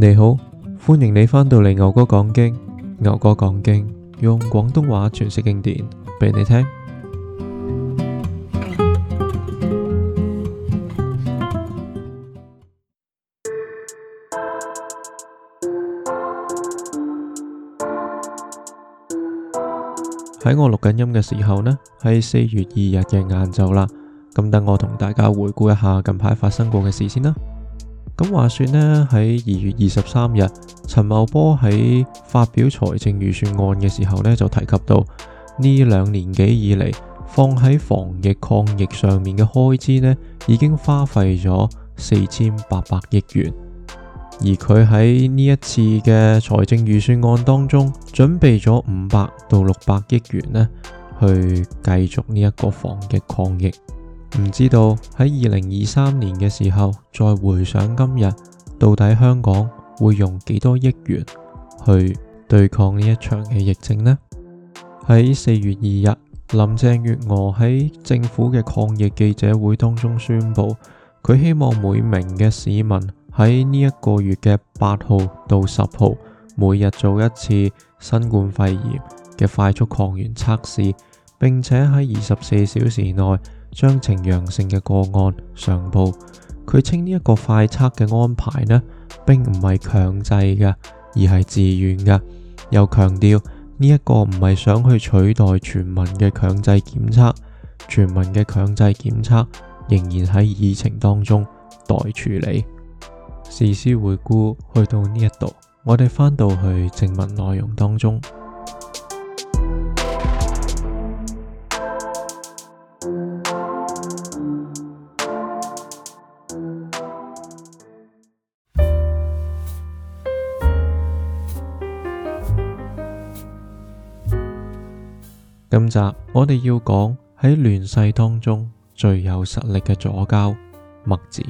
你好，歡迎你返到嚟牛哥講經。牛哥講經，用廣東話詮釋經典畀你聽。喺 我錄緊音嘅時候呢，係四月二日嘅晏晝啦。咁等我同大家回顧一下近排發生過嘅事先啦。咁話說呢，喺二月二十三日，陳茂波喺發表財政預算案嘅時候呢，就提及到呢兩年幾以嚟放喺防疫抗疫上面嘅開支呢，已經花費咗四千八百億元。而佢喺呢一次嘅財政預算案當中，準備咗五百到六百億元呢，去繼續呢一個防疫抗疫。唔知道喺二零二三年嘅時候，再回想今日，到底香港會用幾多億元去對抗呢一場嘅疫症呢？喺四月二日，林鄭月娥喺政府嘅抗疫記者會當中宣布，佢希望每名嘅市民喺呢一個月嘅八號到十號，每日做一次新冠肺炎嘅快速抗原測試，並且喺二十四小時內。將呈陽性嘅個案上報。佢稱呢一個快測嘅安排呢，並唔係強制嘅，而係自願嘅。又強調呢一個唔係想去取代全民嘅強制檢測，全民嘅強制檢測仍然喺議程當中待處理。時事回顧去到呢一度，我哋翻到去正文內容當中。今集我哋要講喺亂世當中最有實力嘅左膠墨子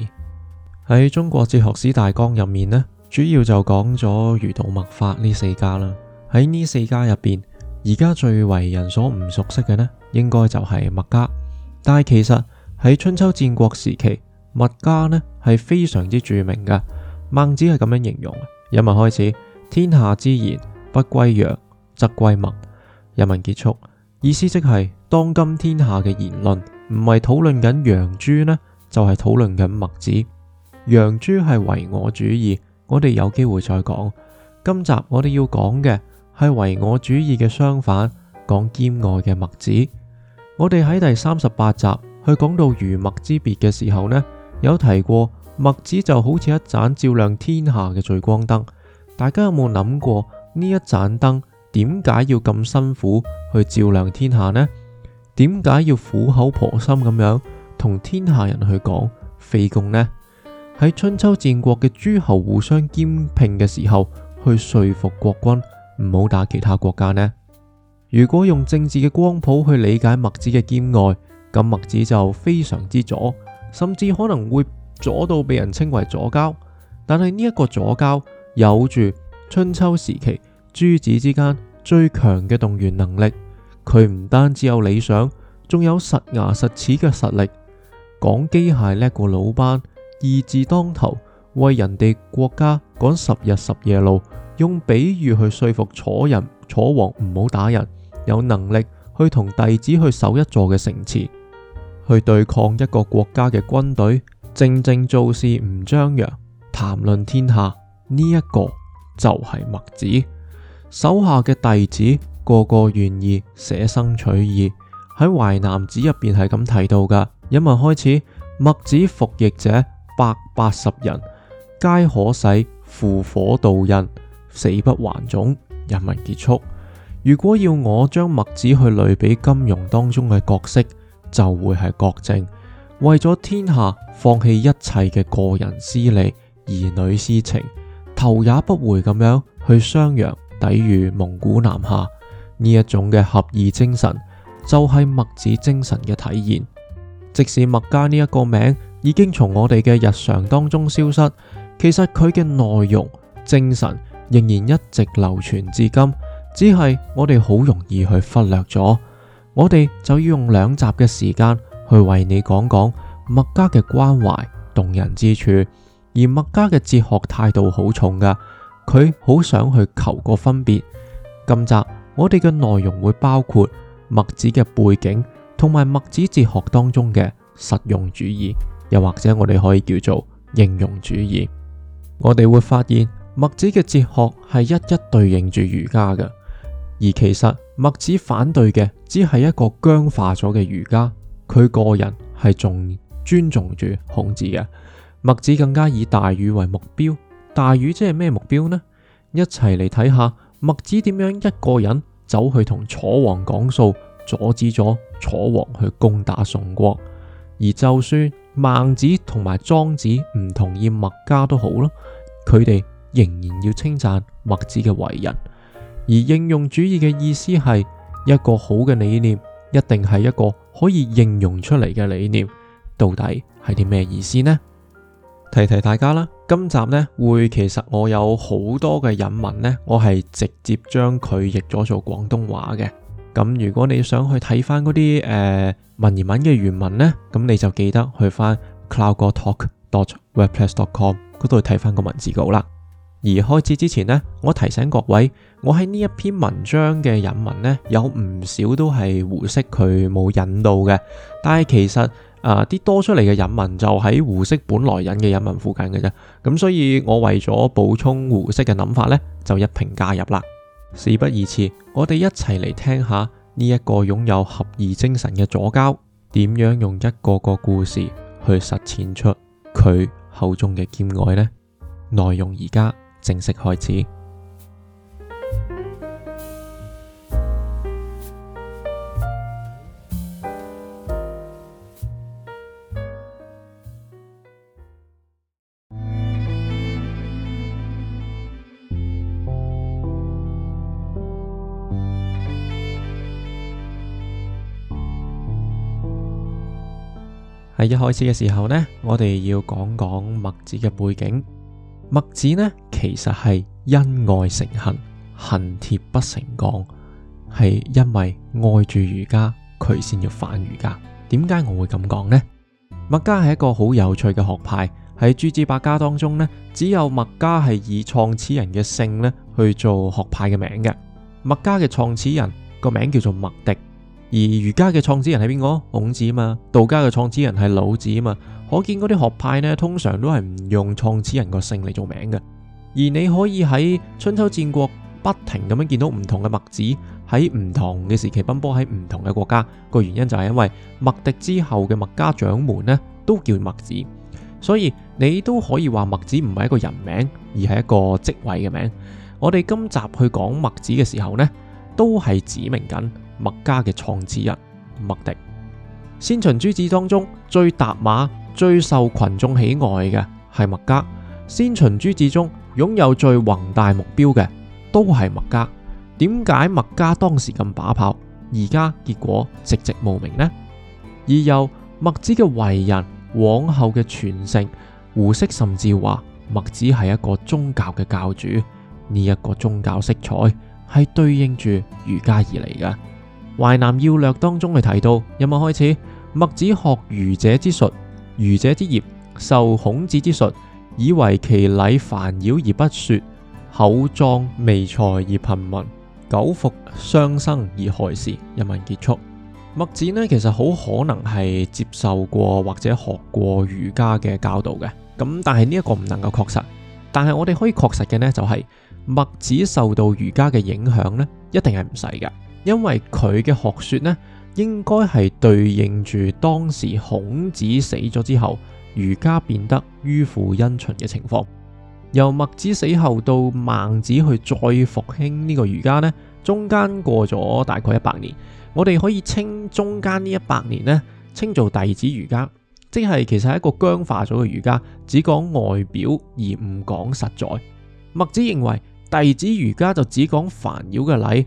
喺中國哲學史大綱入面呢主要就講咗儒道墨法呢四家啦。喺呢四家入邊，而家最為人所唔熟悉嘅呢應該就係墨家。但係其實喺春秋戰國時期，墨家呢係非常之著名嘅。孟子係咁樣形容嘅：一文開始，天下之言不歸楊則歸墨；一文結束。意思即係當今天下嘅言論，唔係討論緊楊朱呢，就係討論緊墨子。楊朱係唯我主義，我哋有機會再講。今集我哋要講嘅係唯我主義嘅相反，講兼愛嘅墨子。我哋喺第三十八集去講到儒墨之別嘅時候呢，有提過墨子就好似一盞照亮天下嘅聚光燈。大家有冇諗過呢一盞燈？點解要咁辛苦去照亮天下呢？點解要苦口婆心咁樣同天下人去講非攻呢？喺春秋戰國嘅諸侯互相兼併嘅時候，去說服國君唔好打其他國家呢？如果用政治嘅光譜去理解墨子嘅兼愛，咁墨子就非常之左，甚至可能會左到被人稱為左膠。但係呢一個左膠有住春秋時期。諸子之間最強嘅動員能力，佢唔單止有理想，仲有實牙實齒嘅實力。講機械叻過魯班，義字當頭，為人哋國家趕十日十夜路，用比喻去說服楚人楚王唔好打人，有能力去同弟子去守一座嘅城池，去對抗一個國家嘅軍隊，靜靜做事唔張揚，談論天下，呢一個就係墨子。手下嘅弟子個個願意捨生取義，喺淮南子入邊係咁提到噶引文開始，墨子服役者百八十人，皆可使赴火蹈刃，死不還踵。引文結束。如果要我將墨子去類比金庸當中嘅角色，就會係郭靖，為咗天下放棄一切嘅個人私利、兒女私情，頭也不回咁樣去襄陽。抵禦蒙古南下，呢一種嘅俠義精神，就係、是、墨子精神嘅體現。即使墨家呢一個名已經從我哋嘅日常當中消失，其實佢嘅內容精神仍然一直流傳至今，只係我哋好容易去忽略咗。我哋就要用兩集嘅時間去為你講講墨家嘅關懷動人之處，而墨家嘅哲學態度好重噶。佢好想去求個分別。今集我哋嘅內容會包括墨子嘅背景，同埋墨子哲學當中嘅實用主義，又或者我哋可以叫做應用主義。我哋會發現墨子嘅哲學係一一對應住儒家嘅，而其實墨子反對嘅只係一個僵化咗嘅儒家。佢個人係仲尊重住孔子嘅，墨子更加以大禹為目標。大禹即係咩目標呢？一齊嚟睇下墨子點樣一個人走去同楚王講數，阻止咗楚王去攻打宋國。而就算孟子同埋莊子唔同意墨家都好咯，佢哋仍然要稱讚墨子嘅為人。而應用主義嘅意思係一個好嘅理念，一定係一個可以應用出嚟嘅理念。到底係啲咩意思呢？提提大家啦，今集呢會其實我有好多嘅引文呢，我係直接將佢譯咗做廣東話嘅。咁如果你想去睇翻嗰啲誒文言文嘅原文呢，咁你就記得去翻 cowgortalk.wordpress.com 嗰度睇翻個文字稿啦。而開始之前呢，我提醒各位，我喺呢一篇文章嘅引文呢，有唔少都係胡適佢冇引到嘅，但係其實。啊！啲多出嚟嘅引文就喺胡適本來引嘅引文附近嘅啫，咁所以我為咗補充胡適嘅諗法呢，就一並加入啦。事不宜遲，我哋一齊嚟聽，聽下呢一個擁有俠義精神嘅左膠，點樣用一個個故事去實踐出佢口中嘅兼愛呢？內容而家正式開始。喺一開始嘅時候呢，我哋要講講墨子嘅背景。墨子呢，其實係因愛成恨，恨鐵不成鋼，係因為愛住儒家，佢先要反儒家。點解我會咁講呢？墨家係一個好有趣嘅學派，喺諸子百家當中呢，只有墨家係以創始人嘅姓呢去做學派嘅名嘅。墨家嘅創始人個名叫做墨翟。而儒家嘅創始人係邊個？孔子啊嘛，道家嘅創始人係老子啊嘛。可見嗰啲學派呢，通常都係唔用創始人個姓嚟做名嘅。而你可以喺春秋戰國不停咁樣見到唔同嘅墨子喺唔同嘅時期奔波喺唔同嘅國家。個原因就係因為墨翟之後嘅墨家掌門呢，都叫墨子。所以你都可以話墨子唔係一個人名，而係一個職位嘅名。我哋今集去講墨子嘅時候呢，都係指明緊。墨家嘅創始人墨翟，先秦諸子當中最踏馬、最受群眾喜愛嘅係墨家。先秦諸子中擁有最宏大目標嘅都係墨家。點解墨家當時咁把炮，而家結果寂寂無名呢？而又墨子嘅為人，往後嘅傳承，胡適甚至話墨子係一個宗教嘅教主。呢一個宗教色彩係對應住儒家而嚟嘅。淮南要略當中去提到，引文開始，墨子學儒者之術，儒者之業，受孔子之術，以為其禮煩擾而不說，厚葬靡財而貧民，久服傷生而害事。引文結束，墨子呢其實好可能係接受過或者學過儒家嘅教導嘅，咁但係呢一個唔能夠確實，但係我哋可以確實嘅呢就係、是、墨子受到儒家嘅影響呢，一定係唔細嘅。因為佢嘅學說呢，應該係對應住當時孔子死咗之後，儒家變得迂腐因循嘅情況。由墨子死後到孟子去再復興呢個儒家呢，中間過咗大概一百年。我哋可以稱中間呢一百年呢，稱做弟子儒家，即係其實係一個僵化咗嘅儒家，只講外表而唔講實在。墨子認為弟子儒家就只講煩擾嘅禮。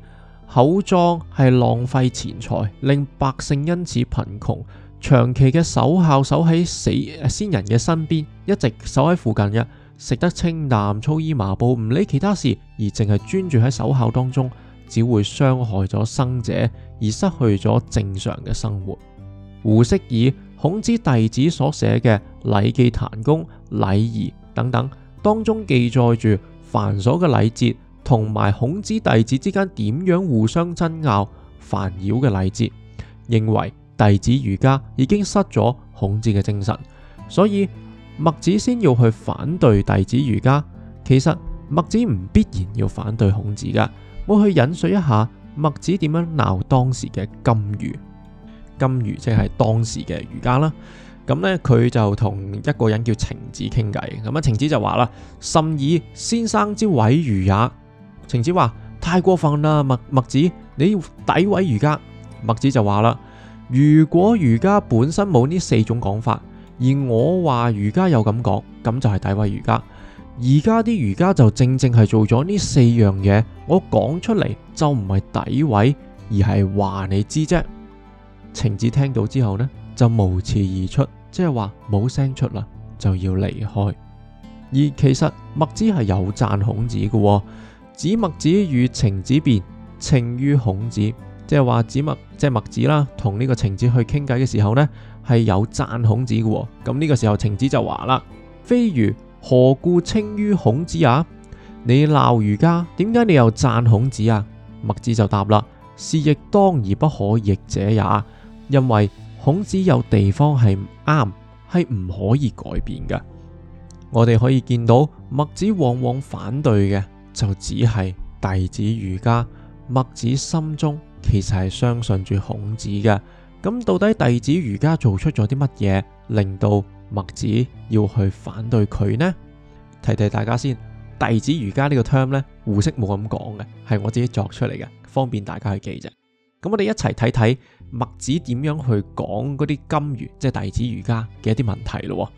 厚葬係浪費錢財，令百姓因此貧窮。長期嘅守孝守喺死先人嘅身邊，一直守喺附近嘅，食得清淡粗衣麻布，唔理其他事，而淨係專注喺守孝當中，只會傷害咗生者，而失去咗正常嘅生活。胡適以孔子弟子所寫嘅《禮記》《檀弓》《禮儀》等等當中記載住繁瑣嘅禮節同埋孔子弟子之間點樣互相爭拗，煩擾嘅禮節，認為弟子儒家已經失咗孔子嘅精神，所以墨子先要去反對弟子儒家。其實墨子唔必然要反對孔子噶，我去引述一下墨子點樣鬧當時嘅金魚。金魚即係當時嘅儒家啦，咁呢，佢就同一個人叫程子傾偈，咁、嗯、啊程子就話啦：甚以先生之毀儒也。程子話：太過分啦，墨，墨子，你要詆毀儒家。墨子就話啦：如果儒家本身冇呢四種講法，而我話儒家有咁講，咁就係詆毀儒家。而家啲儒家就正正係做咗呢四樣嘢，我講出嚟就唔係詆毀，而係話你知啫。程子聽到之後呢，就無辭而出，即係話冇聲出啦，就要離開。而其實墨子係有讚孔子嘅、哦。子墨子與程子辯，稱於孔子，即係話子墨即係墨子啦，同呢個程子去傾偈嘅時候呢，係有讚孔子嘅。咁、這、呢個時候，程子就話啦：非儒何故稱於孔子啊？你鬧儒家，點解你又讚孔子啊？墨子就答啦：是亦當而不可易者也，因為孔子有地方係啱，係唔可以改變嘅。我哋可以見到墨子往往反對嘅。就只係弟子儒家，墨子心中其實係相信住孔子嘅。咁到底弟子儒家做出咗啲乜嘢，令到墨子要去反對佢呢？提提大家先，弟子儒家呢個 term 呢，胡適冇咁講嘅，係我自己作出嚟嘅，方便大家去記啫。咁我哋一齊睇睇墨子點樣去講嗰啲金元，即係弟子儒家嘅一啲問題咯。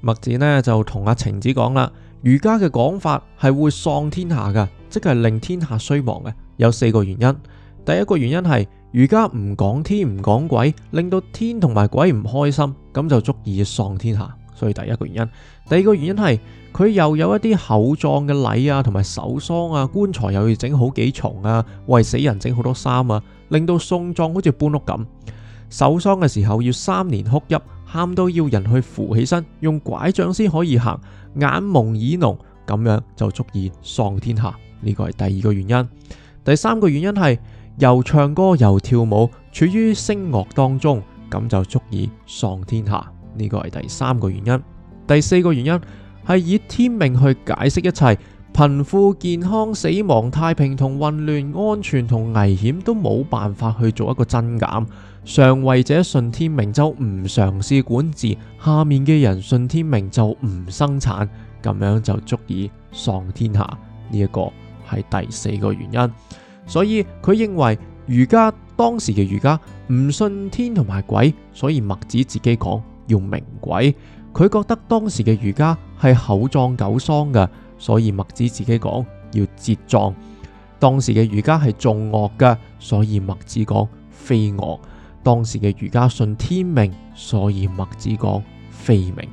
墨子呢就同阿程子講啦。儒家嘅講法係會喪天下㗎，即係令天下衰亡嘅。有四個原因，第一個原因係儒家唔講天唔講鬼，令到天同埋鬼唔開心，咁就足以喪天下。所以第一個原因。第二個原因係佢又有一啲厚葬嘅禮啊，同埋守喪啊，棺材又要整好幾重啊，為死人整好多衫啊，令到送葬好似搬屋咁。守喪嘅時候要三年哭泣。喊到要人去扶起身，用拐杖先可以行，眼蒙耳聾咁樣就足以喪天下。呢個係第二個原因。第三個原因係又唱歌又跳舞，處於聲樂當中，咁就足以喪天下。呢個係第三個原因。第四個原因係以天命去解釋一切，貧富、健康、死亡、太平同混亂、安全同危險都冇辦法去做一個增減。上位者順天命就唔嘗試管治，下面嘅人順天命就唔生產，咁樣就足以喪天下。呢、這、一個係第四個原因，所以佢認為儒家當時嘅儒家唔信天同埋鬼，所以墨子自己講要明鬼。佢覺得當時嘅儒家係厚葬久喪嘅，所以墨子自己講要節葬。當時嘅儒家係重樂嘅，所以墨子講非樂。當時嘅儒家信天命，所以墨子講非命。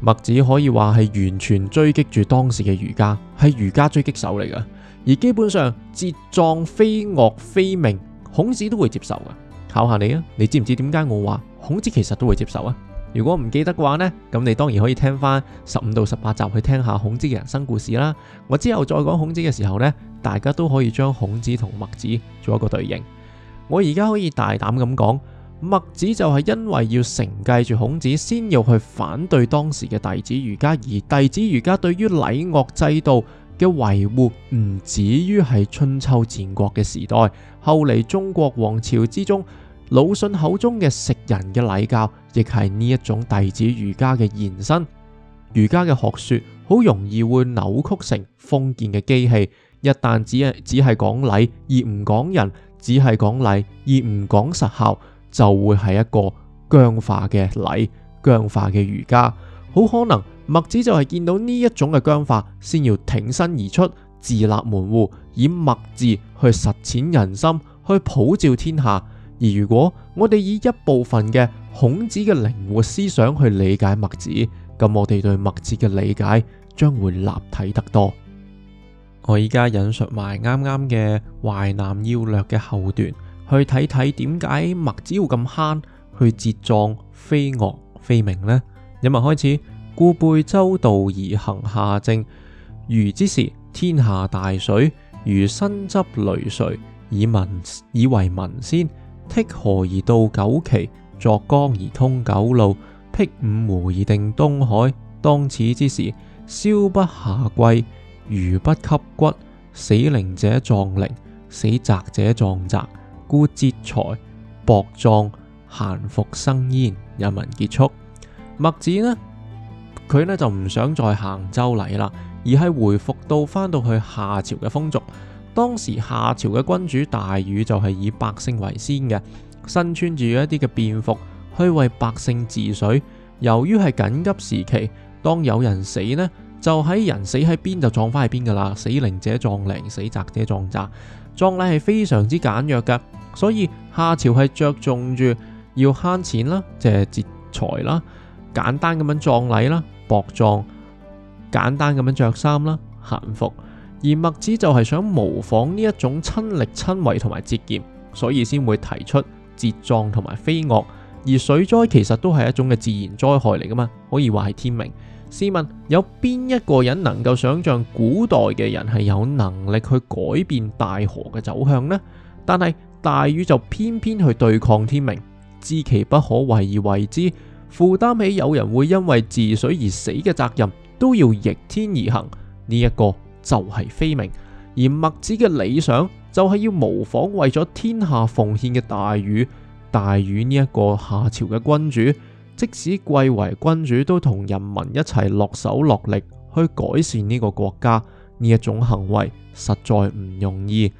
墨子可以話係完全追擊住當時嘅儒家，係儒家追擊手嚟噶。而基本上，節葬、非樂、非命，孔子都會接受噶。考下你啊，你知唔知點解我話孔子其實都會接受啊？如果唔記得嘅話呢，咁你當然可以聽翻十五到十八集去聽下孔子嘅人生故事啦。我之後再講孔子嘅時候呢，大家都可以將孔子同墨子做一個對應。我而家可以大膽咁講，墨子就係因為要承繼住孔子，先要去反對當時嘅弟子儒家，而弟子儒家對於禮樂制度嘅維護，唔止於係春秋戰國嘅時代，後嚟中國王朝之中，魯迅口中嘅食人嘅禮教，亦係呢一種弟子儒家嘅延伸。儒家嘅學說好容易會扭曲成封建嘅機器，一旦只係只係講禮而唔講人。只係講禮而唔講實效，就會係一個僵化嘅禮，僵化嘅儒家。好可能墨子就係見到呢一種嘅僵化，先要挺身而出，自立門戶，以墨字去實踐人心，去普照天下。而如果我哋以一部分嘅孔子嘅靈活思想去理解墨子，咁我哋對墨子嘅理解將會立體得多。我依家引述埋啱啱嘅淮南要略嘅後段，去睇睇點解墨子要咁慳去節葬非樂非命呢？引文開始，故背周道而行夏政，禹之時天下大水，禹身執雷錘以民以為民先，剔河而導九岐，作江而通九路，辟五湖而定東海。當此之時，消不下貴。如不給骨，死靈者葬靈，死澤者葬澤，故節財薄葬，閒服生焉。人民結束，墨子呢，佢呢就唔想再行周禮啦，而係回復到返到去夏朝嘅風俗。當時夏朝嘅君主大禹就係以百姓為先嘅，身穿住一啲嘅便服去為百姓治水。由於係緊急時期，當有人死呢，就喺人死喺邊就葬翻喺邊噶啦，死靈者葬靈，死宅者葬宅。葬禮係非常之簡約噶，所以夏朝係着重住要慳錢啦，即係節財啦，簡單咁樣葬禮啦，薄葬，簡單咁樣着衫啦，閒服。而墨子就係想模仿呢一種親力親為同埋節儉，所以先會提出節葬同埋非樂。而水災其實都係一種嘅自然災害嚟噶嘛，可以話係天命。試問有邊一個人能夠想象古代嘅人係有能力去改變大河嘅走向呢？但係大禹就偏偏去對抗天命，知其不可為而為之，負擔起有人會因為治水而死嘅責任，都要逆天而行。呢一個就係非命。而墨子嘅理想就係要模仿為咗天下奉獻嘅大禹，大禹呢一個夏朝嘅君主。即使貴為君主，都同人民一齊落手落力去改善呢個國家，呢一種行為實在唔容易。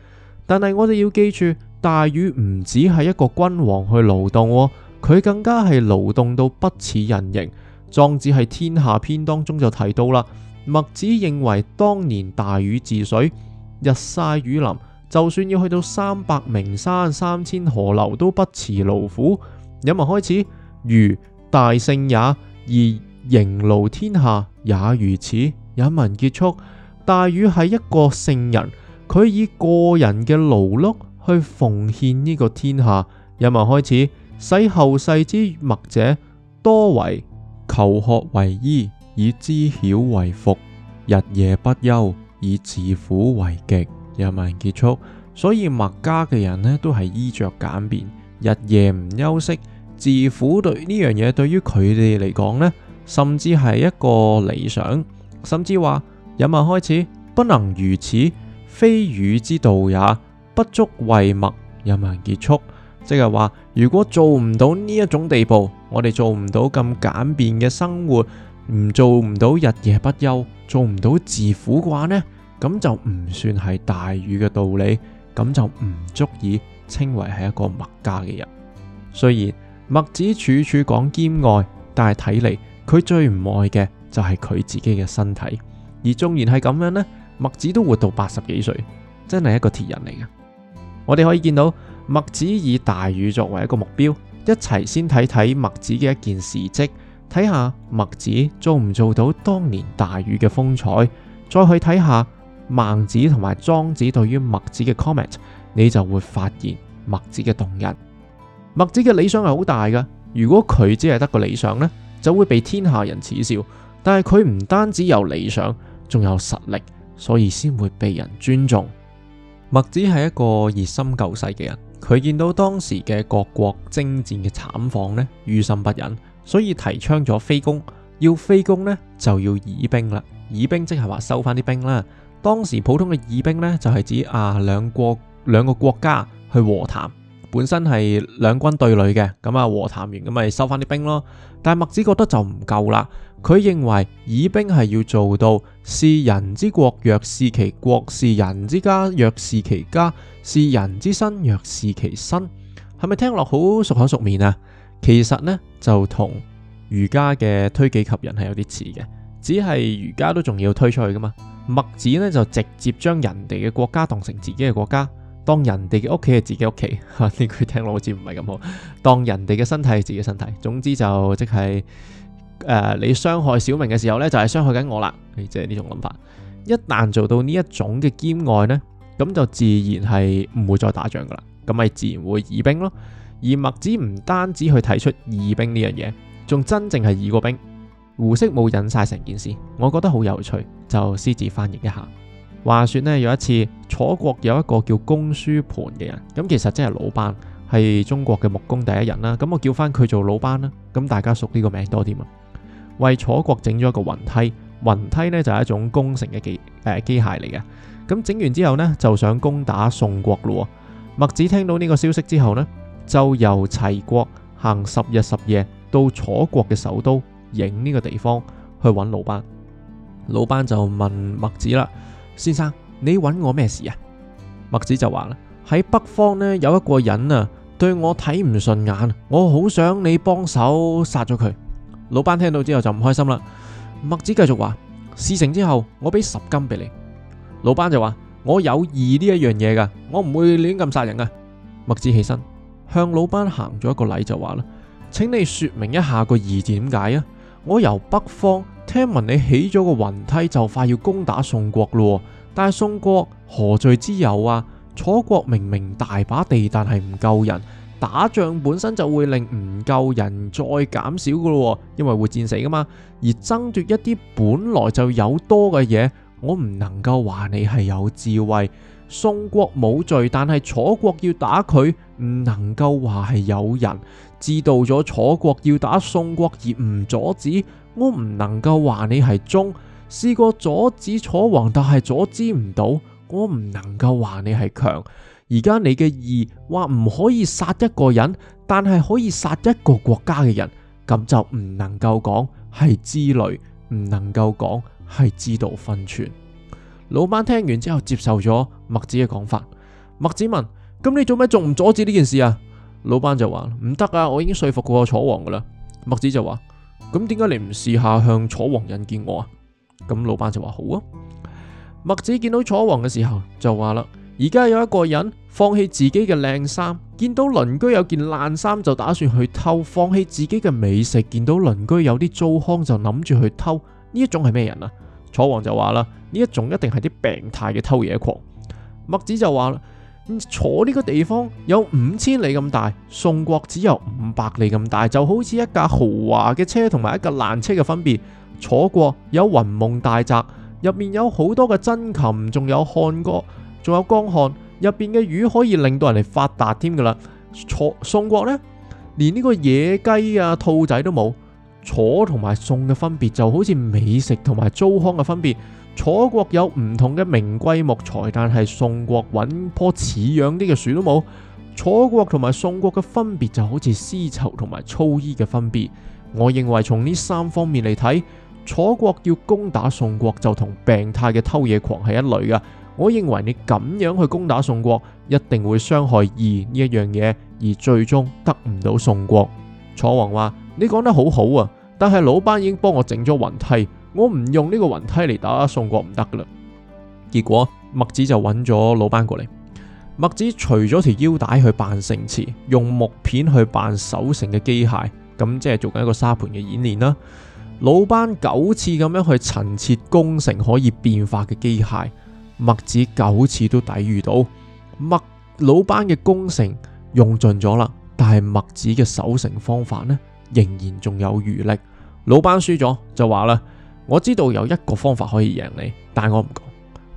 但係我哋要記住，大禹唔止係一個君王去勞動、哦，佢更加係勞動到不似人形。莊子喺《天下》篇當中就提到啦，墨子認為當年大禹治水，日曬雨淋，就算要去到三百名山、三千河流，都不辭勞苦。引文開始，如大聖也，而形勞天下也如此。引文結束。大禹係一個聖人，佢以個人嘅勞碌去奉獻呢個天下。引文開始，使後世之墨者多以裘褐為衣，以跂蹻為服，日夜不休，以自苦為極。引文結束。所以墨家嘅人呢，都係衣着簡便，日夜唔休息。自苦對呢樣嘢，對於佢哋嚟講呢，甚至係一個理想，甚至話有文開始，不能如此，非禹之道也不足為墨。有文結束，即係話，如果做唔到呢一種地步，我哋做唔到咁簡便嘅生活，唔做唔到日夜不休，做唔到自苦嘅話呢，咁就唔算係大禹嘅道理，咁就唔足以稱為係一個墨家嘅人。雖然。墨子處處講兼愛，但係睇嚟，佢最唔愛嘅就係佢自己嘅身體，而縱然係咁樣呢，墨子都活到八十幾歲，真係一個鐵人嚟嘅。我哋可以見到墨子以大禹作爲一個目標，一齊先睇睇墨子嘅一件事跡，睇下墨子做唔做到當年大禹嘅風采，再去睇下孟子同埋莊子對於墨子嘅 comment，你就會發現墨子嘅動人。墨子嘅理想係好大噶，如果佢只係得個理想呢，就會被天下人恥笑。但係佢唔單止有理想，仲有實力，所以先會被人尊重。墨子係一個熱心救世嘅人，佢見到當時嘅各國征戰嘅慘況呢，於心不忍，所以提倡咗非攻。要非攻呢，就要以兵啦。以兵即係話收翻啲兵啦。當時普通嘅以兵呢，就係指啊兩國兩個國家去和談。本身係兩軍對壘嘅，咁啊和談完咁咪收翻啲兵咯。但係墨子覺得就唔夠啦，佢認為以兵係要做到視人之國若視其國，國視人之家若視其家，視人之身若視其身。係咪聽落好熟口熟面啊？其實呢就同儒家嘅推己及人係有啲似嘅，只係儒家都仲要推出去噶嘛。墨子呢就直接將人哋嘅國家當成自己嘅國家。當人哋嘅屋企係自己屋企，呢 句聽落好似唔係咁好。當人哋嘅身體係自己身體，總之就即係誒、呃、你傷害小明嘅時候呢，就係傷害緊我啦。誒，即係呢種諗法。一旦做到呢一種嘅兼愛呢，咁就自然係唔會再打仗噶啦。咁咪自然會弭兵咯。而墨子唔單止去提出弭兵呢樣嘢，仲真正係弭過兵。胡適冇引晒成件事，我覺得好有趣，就私自翻譯一下。話說呢，有一次楚國有一個叫公輸盤嘅人，咁其實真係魯班，係中國嘅木工第一人啦。咁我叫翻佢做魯班啦，咁大家熟呢個名多啲啊。為楚國整咗一個雲梯，雲梯呢就係一種工程嘅機誒機械嚟嘅。咁整完之後呢，就想攻打宋國咯。墨子聽到呢個消息之後呢，就由齊國行十日十夜到楚國嘅首都，郢呢個地方去揾魯班。魯班就問墨子啦。先生，你揾我咩事啊？墨子就話啦，喺北方呢有一個人啊，對我睇唔順眼，我好想你幫手殺咗佢。魯班聽到之後就唔開心啦。墨子繼續話，事成之後我俾十金俾你。魯班就話，我有義呢一樣嘢噶，我唔會亂咁殺人啊。墨子起身向魯班行咗一個禮就話啦，請你說明一下個義點解啊？我由北方。聽聞你起咗個雲梯就快要攻打宋國咯，但係宋國何罪之有啊？楚國明明大把地，但係唔夠人打仗，本身就會令唔夠人再減少噶咯，因為會戰死噶嘛。而爭奪一啲本來就有多嘅嘢，我唔能夠話你係有智慧。宋國冇罪，但係楚國要打佢，唔能夠話係有仁。知道咗楚國要打宋國而唔阻止。我唔能夠話你係忠，試過阻止楚王，但係阻止唔到。我唔能夠話你係強。而家你嘅義話唔可以殺一個人，但係可以殺一個國家嘅人，咁就唔能夠講係知類，唔能夠講係知道分寸。魯班聽完之後接受咗墨子嘅講法。墨子問：咁你做咩仲唔阻止呢件事啊？魯班就話：唔得啊，我已經說服過楚王㗎喇。墨子就話。咁點解你唔試下向楚王引見我啊？咁老闆就話好啊。墨子見到楚王嘅時候就話啦：而家有一個人放棄自己嘅靚衫，見到鄰居有件爛衫就打算去偷；放棄自己嘅美食，見到鄰居有啲糟糠就諗住去偷。呢一種係咩人啊？楚王就話啦：呢一種一定係啲病態嘅偷嘢狂。墨子就話啦。楚呢個地方有五千里咁大，宋國只有五百里咁大，就好似一架豪華嘅車同埋一架爛車嘅分別。楚國有雲夢大澤，入面有好多嘅珍禽，仲有漢歌，仲有江漢，入邊嘅魚可以令到人哋發達添噶啦。楚宋國呢，連呢個野雞啊、兔仔都冇。楚同埋宋嘅分別就好似美食同埋糟糠嘅分別。楚國有唔同嘅名貴木材，但係宋國揾棵似樣啲嘅樹都冇。楚國同埋宋國嘅分別就好似絲綢同埋粗衣嘅分別。我認為從呢三方面嚟睇，楚國要攻打宋國就同病態嘅偷嘢狂係一類嘅。我認為你咁樣去攻打宋國，一定會傷害義呢一樣嘢，而最終得唔到宋國。楚王話：你講得好好啊，但係魯班已經幫我整咗雲梯。我唔用呢個雲梯嚟，打宋國唔得噶啦。結果墨子就揾咗魯班過嚟。墨子除咗條腰帶去扮城池，用木片去扮守城嘅機械，咁即係做緊一個沙盤嘅演練啦。魯班九次咁樣去陳設攻城可以變化嘅機械，墨子九次都抵禦到。墨魯班嘅攻城用盡咗啦，但係墨子嘅守城方法呢，仍然仲有餘力。魯班輸咗就話啦。我知道有一個方法可以贏你，但係我唔講。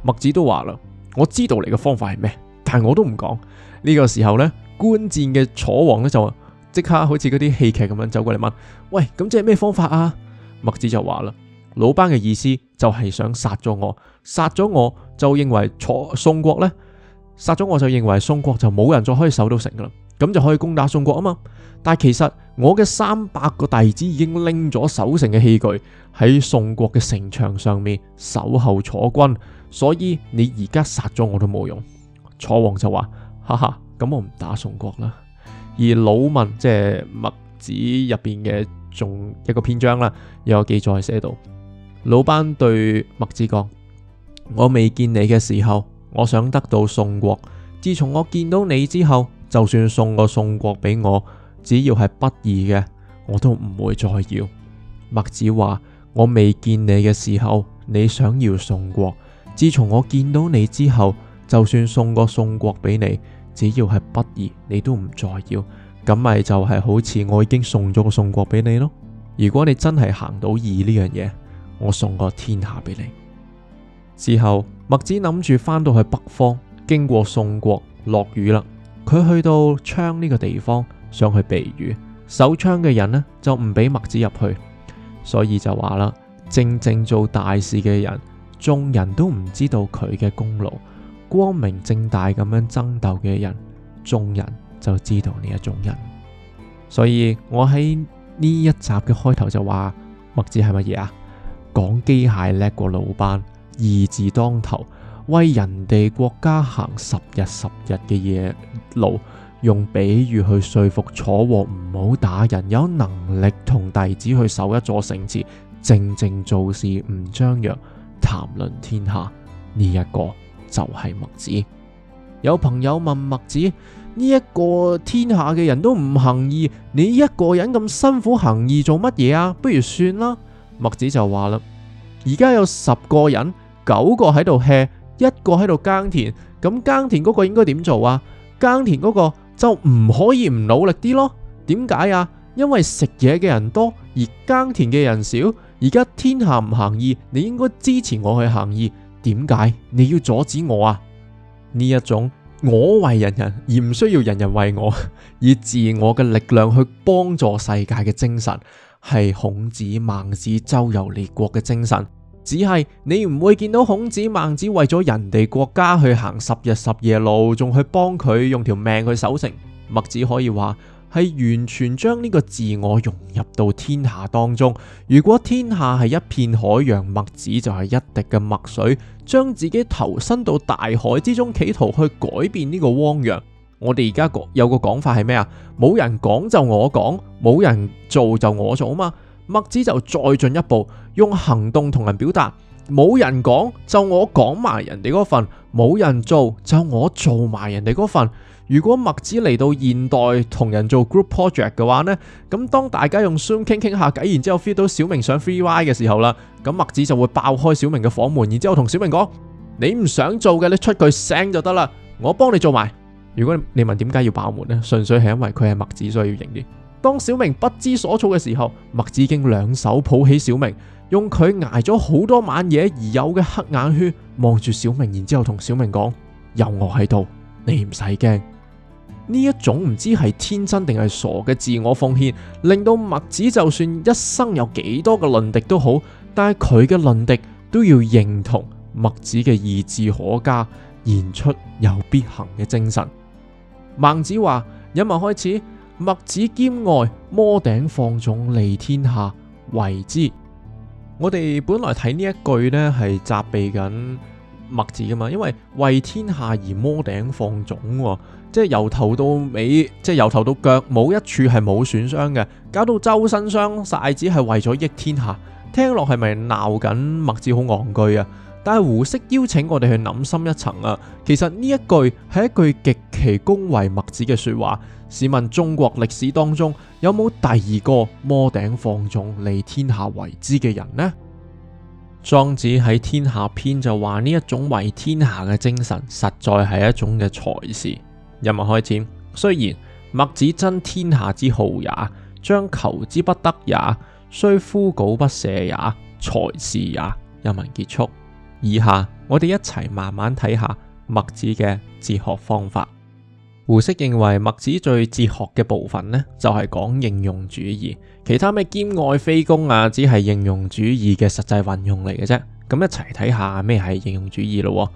墨子都話啦，我知道你嘅方法係咩，但係我都唔講。呢、這個時候呢，觀戰嘅楚王呢，就即刻好似嗰啲戲劇咁樣走過嚟問：喂，咁即係咩方法啊？墨子就話啦，魯班嘅意思就係想殺咗我，殺咗我就認為楚宋國呢，殺咗我就認為宋國就冇人再可以守到城噶啦。咁就可以攻打宋國啊嘛！但係其實我嘅三百個弟子已經拎咗守城嘅器具喺宋國嘅城牆上面守候楚軍，所以你而家殺咗我都冇用。楚王就話：哈哈，咁我唔打宋國啦。而《魯問》即係《墨子》入邊嘅仲一個篇章啦，有記載寫到，魯班對墨子講：我未見你嘅時候，我想得到宋國；自從我見到你之後，就算送個宋國俾我，只要係不義嘅，我都唔會再要。墨子話：我未見你嘅時候，你想要宋國；自從我見到你之後，就算送個宋國俾你，只要係不義，你都唔再要。咁咪就係好似我已經送咗個宋國俾你咯。如果你真係行到義呢樣嘢，我送個天下俾你。之後，墨子諗住翻到去北方，經過宋國，落雨啦。佢去到宋呢個地方，想去避雨，守宋嘅人呢就唔俾墨子入去，所以就話啦：正正做大事嘅人，眾人都唔知道佢嘅功勞；光明正大咁樣爭鬥嘅人，眾人就知道呢一種人。所以我喺呢一集嘅開頭就話：墨子係乜嘢啊？講機械叻過魯班，義字當頭。為人哋國家行十日十日嘅夜路，用比喻去說服楚王唔好打人，有能力同弟子去守一座城池，靜靜做事唔張揚，談論天下呢一個就係墨子。有朋友問墨子：呢一個天下嘅人都唔行義，你一個人咁辛苦行義做乜嘢啊？不如算啦。墨子就話啦：而家有十個人，九個喺度 hea。一個喺度耕田，咁耕田嗰個應該點做啊？耕田嗰個就唔可以唔努力啲咯？點解啊？因為食嘢嘅人多，而耕田嘅人少。而家天下唔行義，你應該支持我去行義。點解你要阻止我啊？呢一種我為人人而唔需要人人為我，以自我嘅力量去幫助世界嘅精神，係孔子孟子、孟子周遊列國嘅精神。只係你唔會見到孔子孟子為咗人哋國家去行十日十夜路，仲去幫佢用條命去守城。墨子可以話係完全將呢個自我融入到天下當中。如果天下係一片海洋，墨子就係一滴嘅墨水，將自己投身到大海之中，企圖去改變呢個汪洋。我哋而家有個講法係咩啊？冇人講就我講，冇人做就我做嘛！墨子就再進一步用行動同人表達，冇人講就我講埋人哋嗰份，冇人做就我做埋人哋嗰份。如果墨子嚟到現代同人做 group project 嘅話呢？咁當大家用 zoom 傾傾下偈，然之後 feel 到小明想 free y 嘅時候啦，咁墨子就會爆開小明嘅房門，然之後同小明講：你唔想做嘅，你出句聲就得啦，我幫你做埋。如果你問點解要爆門呢？純粹係因為佢係墨子，所以要型啲。當小明不知所措嘅時候，墨子已經兩手抱起小明，用佢挨咗好多晚夜而有嘅黑眼圈望住小明，然之後同小明講：有我喺度，你唔使驚。呢一種唔知係天真定係傻嘅自我奉獻，令到墨子就算一生有幾多個論敵都好，但係佢嘅論敵都要認同墨子嘅「意志可嘉」，言出有必行嘅精神。孟子話：引文開始。墨子兼愛，摩頂放踵，利天下為之。我哋本來睇呢一句呢係責備緊墨子噶嘛，因為為天下而摩頂放踵、哦，即係由頭到尾，即係由頭到腳，冇一處係冇損傷嘅，搞到周身傷晒，只係為咗益天下。聽落係咪鬧緊墨子好戇居啊？但係胡適邀請我哋去諗深一層啊。其實呢一句係一句極其恭維墨子嘅說話。試問中國歷史當中有冇第二個摩頂放踵、利天下為之嘅人呢？莊子喺《天下》篇就話呢一種為天下嘅精神，實在係一種嘅才士。一文開始，雖然墨子真天下之好也，將求之不得也，雖枯槁不捨也，才士也。一文結束。以下我哋一齊慢慢睇下墨子嘅哲學方法。胡適認為墨子最哲學嘅部分呢，就係講應用主義，其他咩兼愛非攻啊，只係應用主義嘅實際運用嚟嘅啫。咁一齊睇下咩係應用主義咯。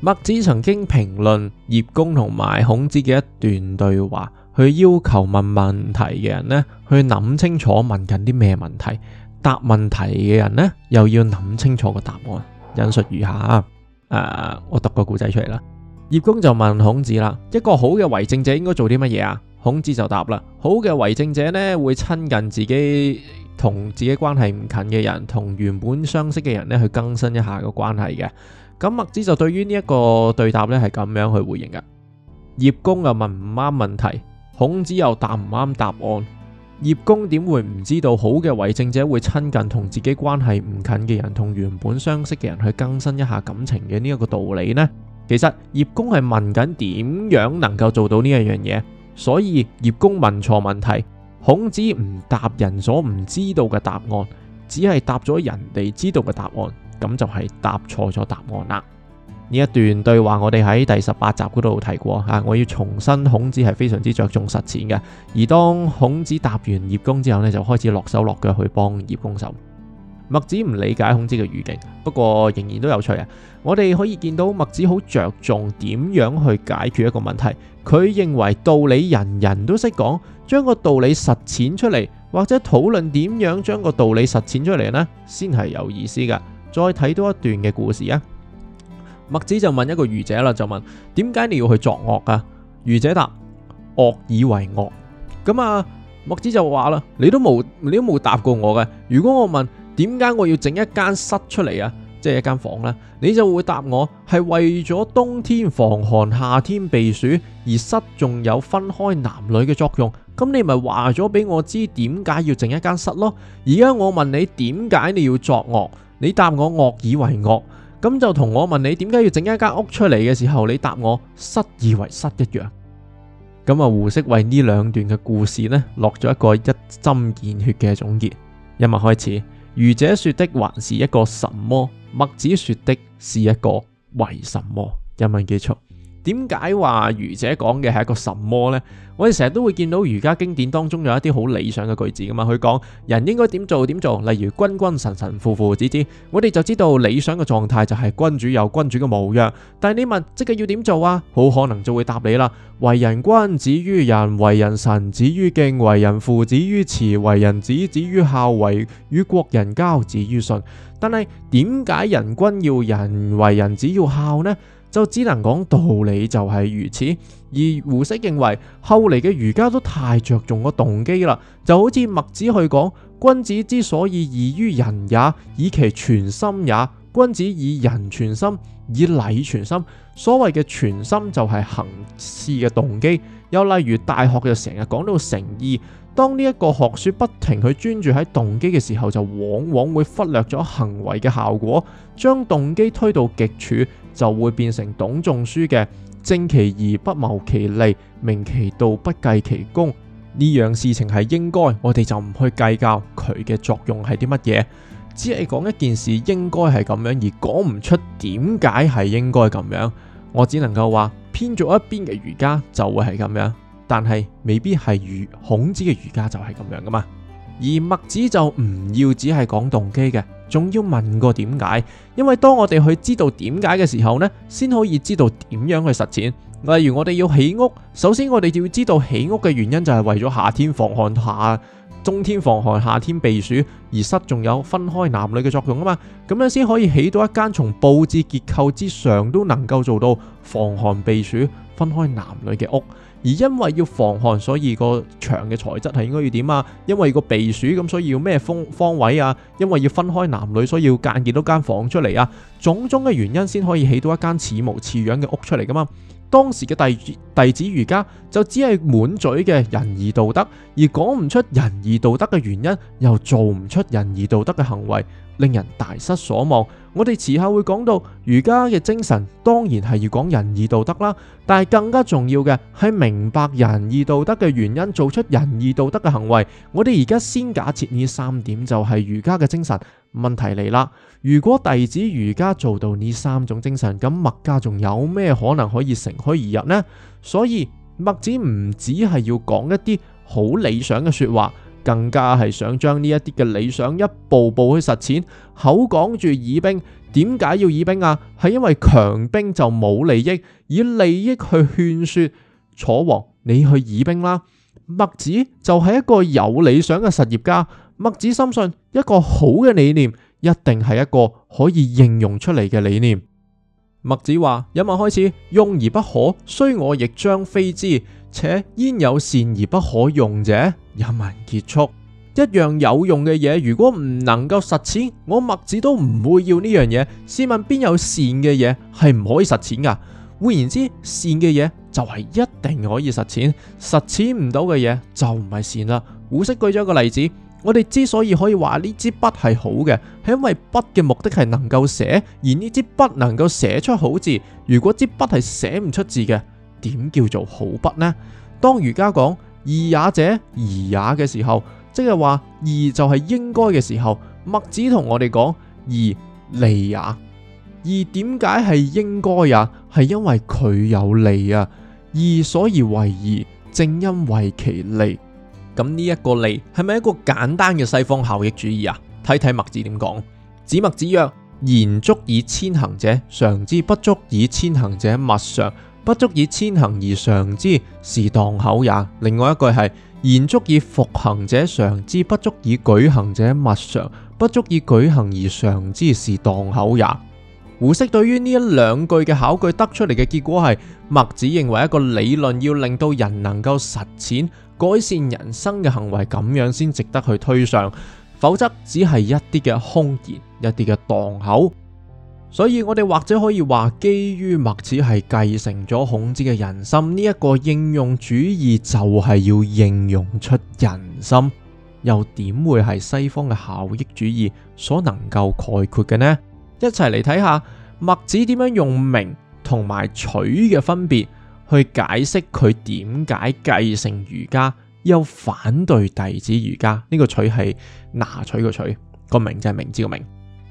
墨子曾經評論葉公同埋孔子嘅一段對話，去要求問問題嘅人呢，去諗清楚問緊啲咩問題，答問題嘅人呢，又要諗清楚個答案。引述如下啊，我讀個故仔出嚟啦。葉公就問孔子啦，一個好嘅為政者應該做啲乜嘢啊？孔子就答啦，好嘅為政者咧，會親近自己同自己關係唔近嘅人，同原本相識嘅人咧去更新一下個關係嘅。咁墨子就對於呢一個對答咧係咁樣去回應嘅。葉公又問唔啱問題，孔子又答唔啱答案。葉公點會唔知道好嘅為政者會親近同自己關係唔近嘅人，同原本相識嘅人去更新一下感情嘅呢一個道理呢？其實葉公係問緊點樣能夠做到呢一樣嘢，所以葉公問錯問題。孔子唔答人所唔知道嘅答案，只係答咗人哋知道嘅答案，咁就係答錯咗答案啦。呢一段對話，我哋喺第十八集嗰度提過啊！我要重申，孔子係非常之着重實踐嘅。而當孔子答完葉公之後呢，就開始落手落腳去幫葉公手。墨子唔理解孔子嘅語境，不過仍然都有趣啊！我哋可以見到墨子好着重點樣去解決一個問題。佢認為道理人人都識講，將個道理實踐出嚟，或者討論點樣將個道理實踐出嚟呢先係有意思㗎。再睇多一段嘅故事啊！墨子就問一個儒者啦，就問點解你要去作樂啊？儒者答：樂以為樂。咁、嗯、啊，墨子就話啦：你都冇你都冇答過我嘅。如果我問點解我要整一間室出嚟啊，即係一間房咧，你就會答我係為咗冬天防寒、夏天避暑而室仲有分開男女嘅作用。咁、嗯、你咪話咗俾我知點解要整一間室咯？而家我問你點解你要作樂？你答我樂以為樂。咁就同我問你點解要整一間屋出嚟嘅時候，你答我室以為室一樣。咁啊，胡適為呢兩段嘅故事呢，落咗一個一針見血嘅總結。引文開始，儒者說的還是一個什麼？墨子說的是一個為什麼？引文結束。點解話愚者講嘅係一個什麼呢？我哋成日都會見到儒家經典當中有一啲好理想嘅句子噶嘛，佢講人應該點做點做，例如君君臣臣父父子子，我哋就知道理想嘅狀態就係君主有君主嘅模樣。但係你問即刻，就是，要點做啊？好可能就會答你啦：為人君子於人，為人臣子於敬，為人父子於慈，為人子子於孝，為與國人交止於信。但係點解人君要人為人子要孝呢？就只能講道理就係如此，而胡適認為後嚟嘅儒家都太着重個動機啦，就好似墨子去講君子之所以異於人也，以其存心也。君子以仁存心，以禮存心。所謂嘅存心就係行事嘅動機。又例如大學就成日講到誠意，當呢一個學說不停去專注喺動機嘅時候，就往往會忽略咗行為嘅效果，將動機推到極處。就會變成董仲舒嘅，正其義不謀其利，明其道不計其功呢樣事情係應該，我哋就唔去計較佢嘅作用係啲乜嘢，只係講一件事應該係咁樣，而講唔出點解係應該咁樣。我只能夠話偏咗一邊嘅儒家就會係咁樣，但係未必係儒孔子嘅儒家就係咁樣噶嘛。而墨子就唔要只係講動機嘅。仲要問個點解？因為當我哋去知道點解嘅時候呢，先可以知道點樣去實踐。例如我哋要起屋，首先我哋要知道起屋嘅原因就係為咗夏天防寒，夏冬天防寒，夏天避暑而室，仲有分開男女嘅作用啊嘛。咁樣先可以起到一間從佈置結構之上都能夠做到防寒避暑、分開男女嘅屋。而因為要防寒，所以個牆嘅材質係應該要點啊？因為個避暑咁，所以要咩風方位啊？因為要分開男女，所以要幾間建多間房出嚟啊！種種嘅原因先可以起到一間似模似樣嘅屋出嚟噶嘛。當時嘅弟子弟子儒家就只係滿嘴嘅仁義道德，而講唔出仁義道德嘅原因，又做唔出仁義道德嘅行為。令人大失所望。我哋遲下會講到儒家嘅精神，當然係要講仁義道德啦。但係更加重要嘅係明白仁義道德嘅原因，做出仁義道德嘅行為。我哋而家先假設呢三點就係儒家嘅精神，問題嚟啦。如果弟子儒家做到呢三種精神，咁墨家仲有咩可能可以乘虛而入呢？所以墨子唔止係要講一啲好理想嘅說話。更加係想將呢一啲嘅理想一步步去實踐，口講住以兵，點解要以兵啊？係因為強兵就冇利益，以利益去勸說楚王，你去以兵啦。墨子就係一個有理想嘅實業家，墨子深信一個好嘅理念一定係一個可以應用出嚟嘅理念。墨子話：，引文開始用而不可，雖我亦將非之。且焉有善而不可用者？引文結束，一樣有用嘅嘢，如果唔能夠實踐，我墨子都唔會要呢樣嘢。試問邊有善嘅嘢係唔可以實踐㗎？換言之，善嘅嘢就係一定可以實踐，實踐唔到嘅嘢就唔係善啦。胡適舉咗一個例子。我哋之所以可以話呢支筆係好嘅，係因為筆嘅目的係能夠寫，而呢支筆能夠寫出好字。如果支筆係寫唔出字嘅，點叫做好筆呢？當儒家講義也者宜也嘅時候，即係話義就係應該嘅時候。墨子同我哋講義利也，義點解係應該呀？係因為佢有利啊，義所以為義，正因為其利。咁呢一個利係咪一個簡單嘅西方效益主義啊？睇睇墨子點講。子墨子曰：言足以遷行者，常之；不足以遷行者，勿常；不足以遷行而常之，是蕩口也。另外一句係：言足以復行者，常之；不足以舉行者，勿常；不足以舉行而常之，是蕩口也。胡適對於呢一兩句嘅考據得出嚟嘅結果係，墨子認為一個理論要令到人能夠實踐。改善人生嘅行為，咁樣先值得去推上，否則只係一啲嘅空言，一啲嘅蕩口。所以我哋或者可以話，基於墨子係繼承咗孔子嘅人心呢一個應用主義，就係要應用出人心，又點會係西方嘅效益主義所能夠概括嘅呢？一齊嚟睇下墨子點樣用名同埋取嘅分別。去解釋佢點解繼承儒家，又反對弟子儒家。呢個取係拿取個取，個名就係名字個名。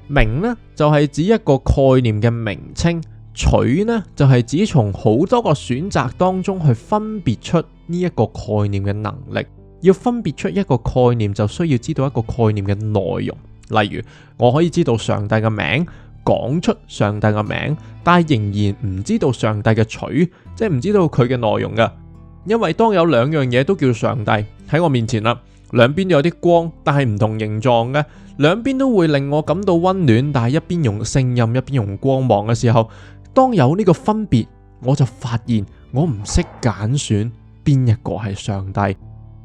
名呢，就係指一個概念嘅名稱，取呢，就係指從好多個選擇當中去分別出呢一個概念嘅能力。要分別出一個概念，就需要知道一個概念嘅內容。例如，我可以知道上帝嘅名。講出上帝嘅名，但係仍然唔知道上帝嘅取，即係唔知道佢嘅內容嘅。因為當有兩樣嘢都叫上帝喺我面前啦，兩邊都有啲光，但係唔同形狀嘅，兩邊都會令我感到溫暖，但係一邊用聲音，一邊用光芒嘅時候，當有呢個分別，我就發現我唔識揀選邊一個係上帝，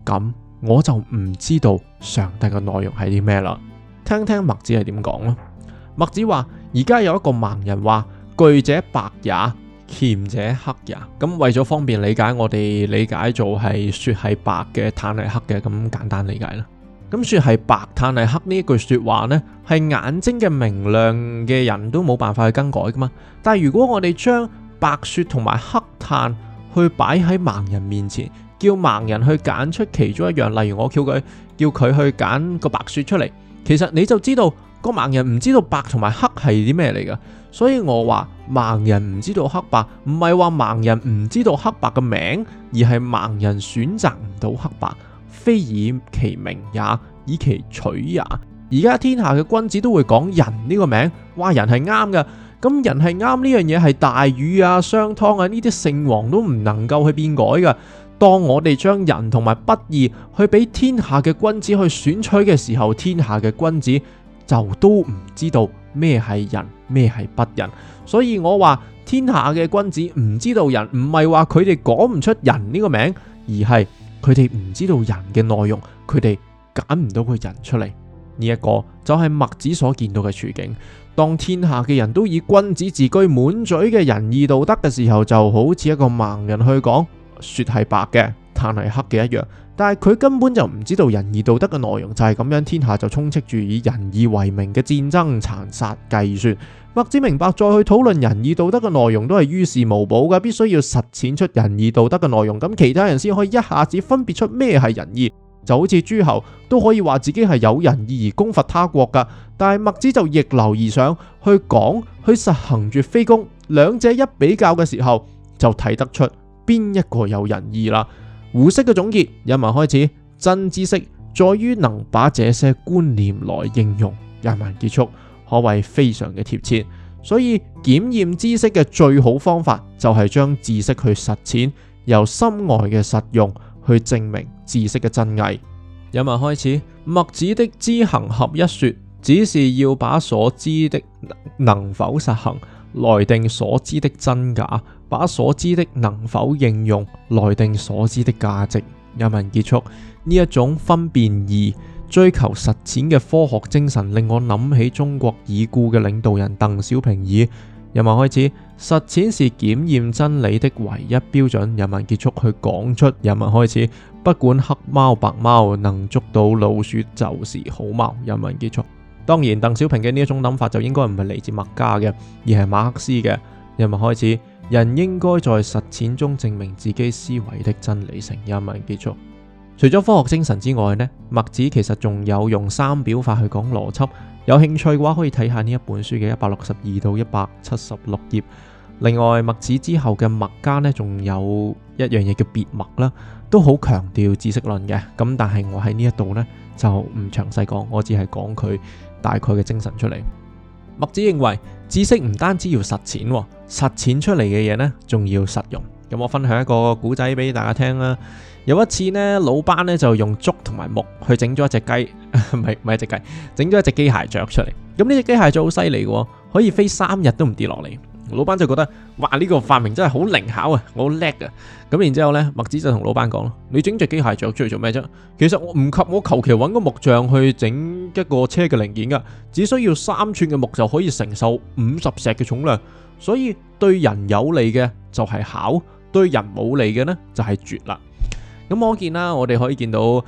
咁我就唔知道上帝嘅內容係啲咩啦。聽聽墨子係點講咯，墨子話。而家有一個盲人話，巨者白也，鉗者黑也。咁為咗方便理解，我哋理解做係雪係白嘅，炭係黑嘅，咁簡單理解啦。咁、嗯、雪係白，炭係黑呢一句說話呢，係眼睛嘅明亮嘅人都冇辦法去更改噶嘛。但係如果我哋將白雪同埋黑炭去擺喺盲人面前，叫盲人去揀出其中一樣，例如我叫佢叫佢去揀個白雪出嚟，其實你就知道。個盲人唔知道白同埋黑係啲咩嚟噶，所以我話盲人唔知道黑白，唔係話盲人唔知道黑白嘅名，而係盲人選擇唔到黑白，非以其名也，以其取也。而家天下嘅君子都會講仁呢個名，話仁係啱嘅，咁仁係啱呢樣嘢係大禹啊、商湯啊呢啲聖王都唔能夠去變改噶。當我哋將仁同埋不義去俾天下嘅君子去選取嘅時候，天下嘅君子。就都唔知道咩係仁，咩係不仁，所以我話天下嘅君子唔知道仁，唔係話佢哋講唔出仁呢個名，而係佢哋唔知道仁嘅內容，佢哋揀唔到個仁出嚟。呢、這、一個就係墨子所見到嘅處境。當天下嘅人都以君子自居，滿嘴嘅仁義道德嘅時候，就好似一個盲人去講，雪係白嘅，炭係黑嘅一樣。但係佢根本就唔知道仁義道德嘅內容。就係咁樣，天下就充斥住以仁義為名嘅戰爭、殘殺、計算。墨子明白再去討論仁義道德嘅內容都係於事無補嘅，必須要實踐出仁義道德嘅內容，咁其他人先可以一下子分別出咩係仁義。就好似諸侯都可以話自己係有仁義而攻伐他國噶，但係墨子就逆流而上，去講去實行住非攻。兩者一比較嘅時候，就睇得出邊一個有仁義啦。胡適嘅總結，引文開始：真知識在於能把這些觀念來應用。引文結束，可謂非常嘅貼切。所以檢驗知識嘅最好方法，就係將知識去實踐，由心外嘅實用去證明知識嘅真偽。引文開始：墨子的知行合一說，只是要把所知的能否實行，來定所知的真假。把所知的能否應用來定所知的價值。人民結束，呢一種分辨意追求實踐嘅科學精神，令我諗起中國已故嘅領導人鄧小平以。人民開始，實踐是檢驗真理的唯一標準。人民結束，去講出。人民開始，不管黑貓白貓能捉到老鼠就是好貓。人民結束，當然鄧小平嘅呢一種諗法就應該唔係嚟自墨家嘅，而係馬克思嘅。人民開始。人應該在實踐中證明自己思維的真理性，亦唔係結束。除咗科學精神之外，呢墨子其實仲有用三表法去講邏輯。有興趣嘅話，可以睇下呢一本書嘅一百六十二到一百七十六頁。另外，墨子之後嘅墨家呢，仲有一樣嘢叫別墨啦，都好強調知識論嘅。咁但係我喺呢一度呢就唔詳細講，我只係講佢大概嘅精神出嚟。墨子認為。知識唔單止要實踐喎，實踐出嚟嘅嘢呢，仲要實用。咁我分享一個古仔俾大家聽啦。有一次呢，魯班呢就用竹同埋木去整咗一隻雞，唔係，唔係一隻雞，整咗一隻機械雀出嚟。咁呢隻機械雀好犀利嘅，可以飛三日都唔跌落嚟。老班就覺得，哇呢個發明真係好靈巧啊，我好叻噶。咁然之後咧，墨子就同魯班講咯，你整隻機械雀出去做咩啫？其實我唔及我求其揾個木匠去整一個車嘅零件噶，只需要三寸嘅木就可以承受五十石嘅重量。所以對人有利嘅就係巧，對人冇利嘅呢就係絕啦。咁可見啦，我哋可以見到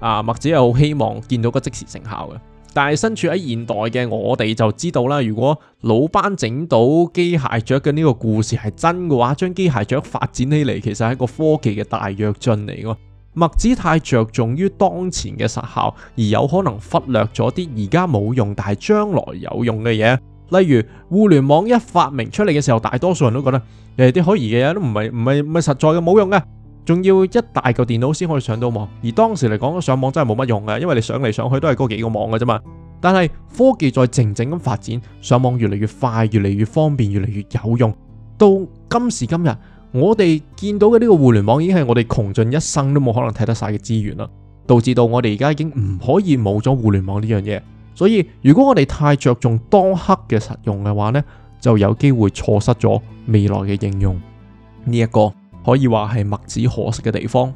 啊，墨子又好希望見到個即時成效嘅。但係身處喺現代嘅我哋就知道啦，如果魯班整到機械雀嘅呢個故事係真嘅話，將機械雀發展起嚟，其實係一個科技嘅大躍進嚟嘅。墨子太着重於當前嘅實效，而有可能忽略咗啲而家冇用但係將來有用嘅嘢，例如互聯網一發明出嚟嘅時候，大多數人都覺得誒啲、欸、可疑嘅嘢都唔係唔係唔係實在嘅冇用嘅。仲要一大個電腦先可以上到網，而當時嚟講，上網真係冇乜用嘅，因為你上嚟上去都係嗰幾個網嘅啫嘛。但係科技再靜靜咁發展，上網越嚟越快，越嚟越方便，越嚟越有用。到今時今日，我哋見到嘅呢個互聯網已經係我哋窮盡一生都冇可能睇得晒嘅資源啦，導致到我哋而家已經唔可以冇咗互聯網呢樣嘢。所以如果我哋太着重當刻嘅實用嘅話呢，就有機會錯失咗未來嘅應用呢一個。可以話係墨子可惜嘅地方。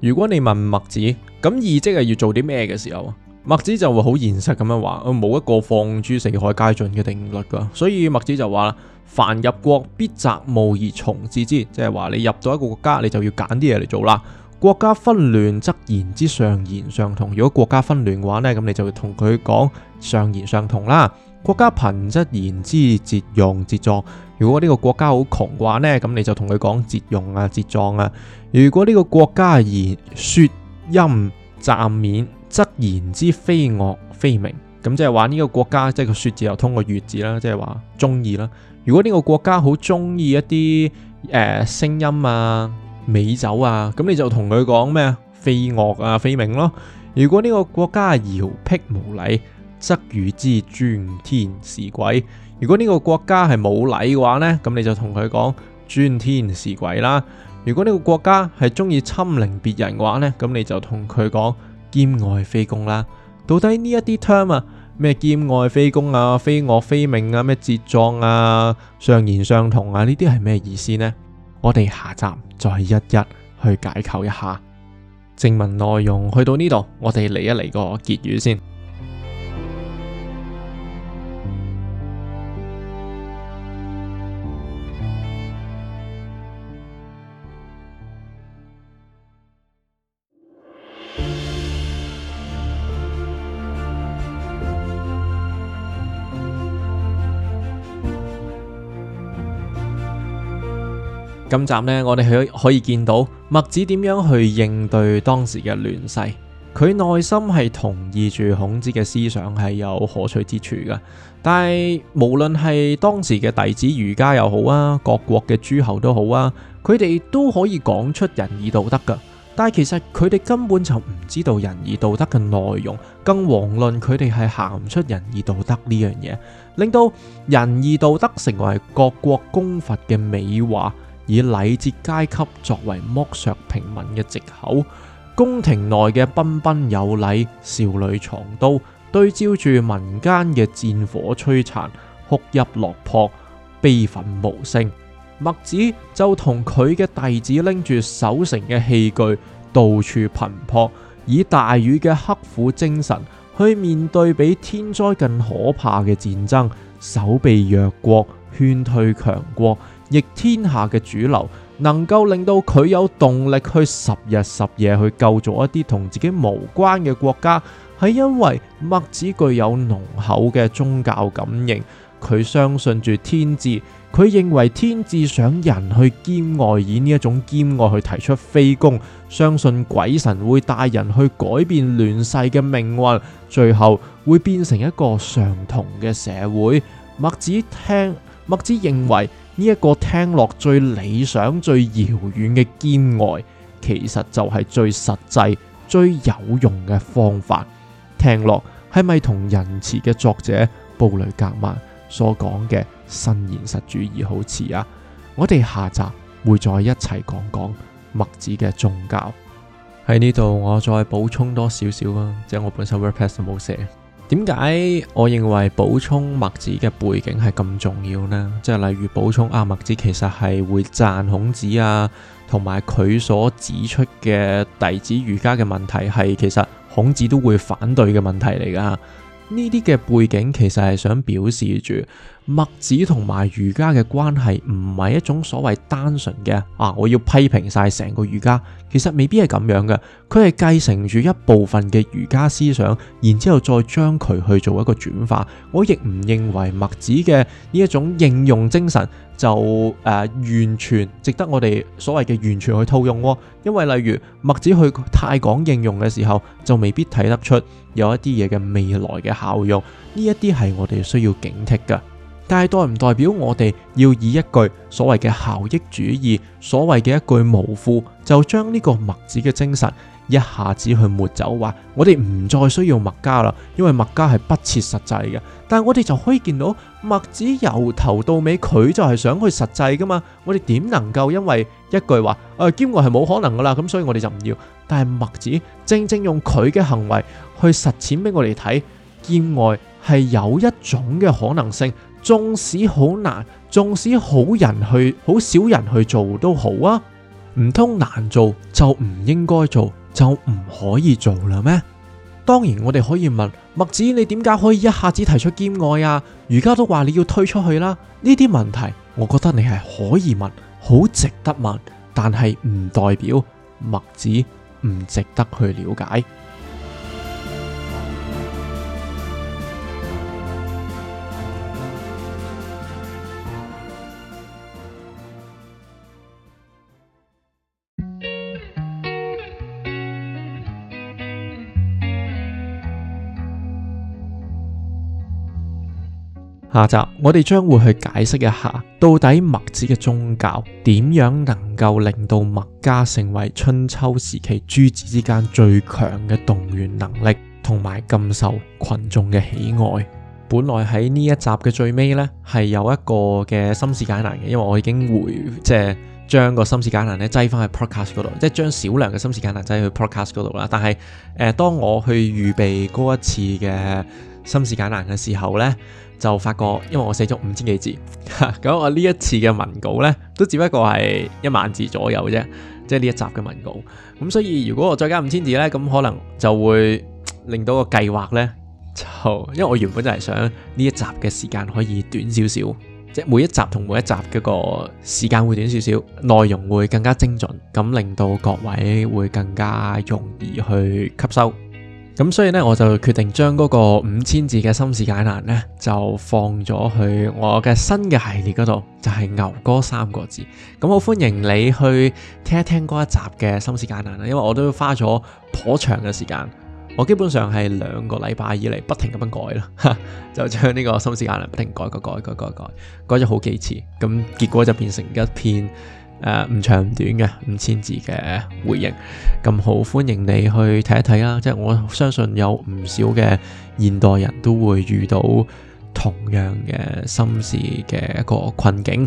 如果你問墨子，咁義即係要做啲咩嘅時候啊，墨子就會好現實咁樣話，冇一個放諸四海皆準嘅定律㗎。所以墨子就話啦，凡入國必擇務而從，自之。」即係話你入到一個國家，你就要揀啲嘢嚟做啦。國家紛亂則言之尚賢尚同。如果國家紛亂嘅話呢，咁你就會同佢講尚賢尚同啦。國家貧則言之節用節葬。如果呢個國家好窮嘅話呢，咁你就同佢講節用啊、節葬啊。如果呢個國家言説音暫免，則言之非樂非命。咁即係話呢個國家即係、就是、個説字又通過悦字啦，即係話中意啦。如果呢個國家好中意一啲誒聲音啊、美酒啊，咁你就同佢講咩啊？非樂啊、非命咯。如果呢個國家搖僻無禮。則語之尊天事鬼。如果呢個國家係冇禮嘅話呢，咁你就同佢講尊天事鬼啦。如果呢個國家係中意侵凌別人嘅話呢，咁你就同佢講兼愛非攻啦。到底呢一啲 term 啊，咩兼愛非攻啊，非樂非命啊，咩節葬啊，尚賢尚同啊，呢啲係咩意思呢？我哋下集再一一去解構一下正文內容。去到呢度，我哋嚟一嚟個結語先。今集呢，我哋可可以見到墨子點樣去應對當時嘅亂世。佢內心係同意住孔子嘅思想係有可取之處嘅。但係，無論係當時嘅弟子儒家又好啊，各國嘅諸侯都好啊，佢哋都可以講出仁義道德嘅。但係其實佢哋根本就唔知道仁義道德嘅內容，更遑論佢哋係行唔出仁義道德呢樣嘢，令到仁義道德成為各國攻伐嘅美話。以禮節階級作為剝削平民嘅藉口，宮廷內嘅彬彬有禮，少女藏刀，對照住民間嘅戰火摧殘，哭泣落魄，悲憤無聲。墨子就同佢嘅弟子拎住守城嘅器具，到處頻撲，以大禹嘅刻苦精神去面對比天災更可怕嘅戰爭，守備弱國，勸退強國。逆天下嘅主流，能夠令到佢有動力去十日十夜去救助一啲同自己無關嘅國家，係因為墨子具有濃厚嘅宗教感應。佢相信住天志，佢認為天志想人去兼愛，以呢一種兼愛去提出非攻，相信鬼神會帶人去改變亂世嘅命運，最後會變成一個上同嘅社會。墨子聽，墨子認為。呢一個聽落最理想、最遙遠嘅兼愛，其實就係最實際、最有用嘅方法。聽落係咪同仁慈嘅作者布雷格曼所講嘅新現實主義好似啊？我哋下集會再一齊講講墨子嘅宗教。喺呢度我再補充多少少啊，即係我本身 WordPress 都冇寫。點解我認為補充墨子嘅背景係咁重要呢？即係例如補充啊，墨子其實係會讚孔子啊，同埋佢所指出嘅弟子儒家嘅問題係其實孔子都會反對嘅問題嚟噶。呢啲嘅背景其實係想表示住。墨子同埋儒家嘅關係唔係一種所謂單純嘅啊！我要批評晒成個儒家，其實未必係咁樣嘅。佢係繼承住一部分嘅儒家思想，然之後再將佢去做一個轉化。我亦唔認為墨子嘅呢一種應用精神就誒、呃、完全值得我哋所謂嘅完全去套用、哦，因為例如墨子去太講應用嘅時候，就未必睇得出有一啲嘢嘅未來嘅效用。呢一啲係我哋需要警惕嘅。但係代唔代表我哋要以一句所謂嘅效益主義，所謂嘅一句無負，就將呢個墨子嘅精神一下子去抹走？話我哋唔再需要墨家啦，因為墨家係不切實際嘅。但係我哋就可以見到墨子由頭到尾，佢就係想去實際噶嘛。我哋點能夠因為一句話誒兼愛係冇可能噶啦？咁所以我哋就唔要。但係墨子正正用佢嘅行為去實踐俾我哋睇，兼愛係有一種嘅可能性。縱使好難，縱使好人去，好少人去做都好啊。唔通難做就唔應該做，就唔可以做啦咩？當然我哋可以問墨子，你點解可以一下子提出兼愛啊？而家都話你要推出去啦。呢啲問題，我覺得你係可以問，好值得問，但係唔代表墨子唔值得去了解。下集我哋將會去解釋一下，到底墨子嘅宗教點樣能夠令到墨家成為春秋時期諸子之間最強嘅動員能力，同埋咁受群眾嘅喜愛。本來喺呢一集嘅最尾呢，係有一個嘅心事解難嘅，因為我已經回即係將個心事解難咧，擠翻去 podcast 嗰度，即係將少量嘅心事解難擠去 podcast 嗰度啦。但係誒、呃，當我去預備嗰一次嘅心事解難嘅時候呢。就發覺，因為我寫咗五千幾字，咁我呢一次嘅文稿呢，都只不過係一萬字左右啫，即係呢一集嘅文稿。咁所以如果我再加五千字呢，咁可能就會令到個計劃呢，就因為我原本就係想呢一集嘅時間可以短少少，即係每一集同每一集嗰個時間會短少少，內容會更加精準，咁令到各位會更加容易去吸收。咁所以咧，我就決定將嗰個五千字嘅心事解難咧，就放咗去我嘅新嘅系列嗰度，就係牛哥三個字。咁我歡迎你去聽一聽嗰一集嘅心事解難啦，因為我都花咗頗長嘅時間，我基本上係兩個禮拜以嚟不停咁樣改啦，就將呢個心事解難不停改改改改改改，改咗好幾次，咁結果就變成一篇。誒，唔長唔短嘅五千字嘅回應，咁好歡迎你去睇一睇啦！即係我相信有唔少嘅現代人都會遇到同樣嘅心事嘅一個困境。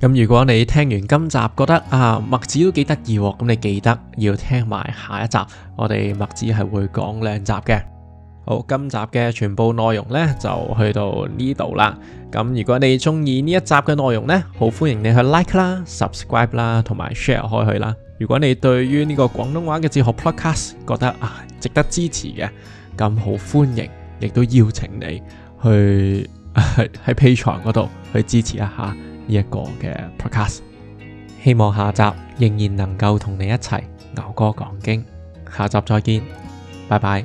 咁如果你聽完今集覺得啊墨子都幾得意喎，咁你記得要聽埋下一集，我哋墨子係會講兩集嘅。好，今集嘅全部內容呢就去到呢度啦。咁如果你中意呢一集嘅內容呢，好歡迎你去 like 啦，subscribe 啦，同埋 share 開去啦。如果你對於呢個廣東話嘅哲學 podcast 覺得啊值得支持嘅，咁好歡迎，亦都邀請你去喺 Patreon 嗰度去支持一下呢一個嘅 podcast。希望下集仍然能夠同你一齊牛哥講經，下集再見，拜拜。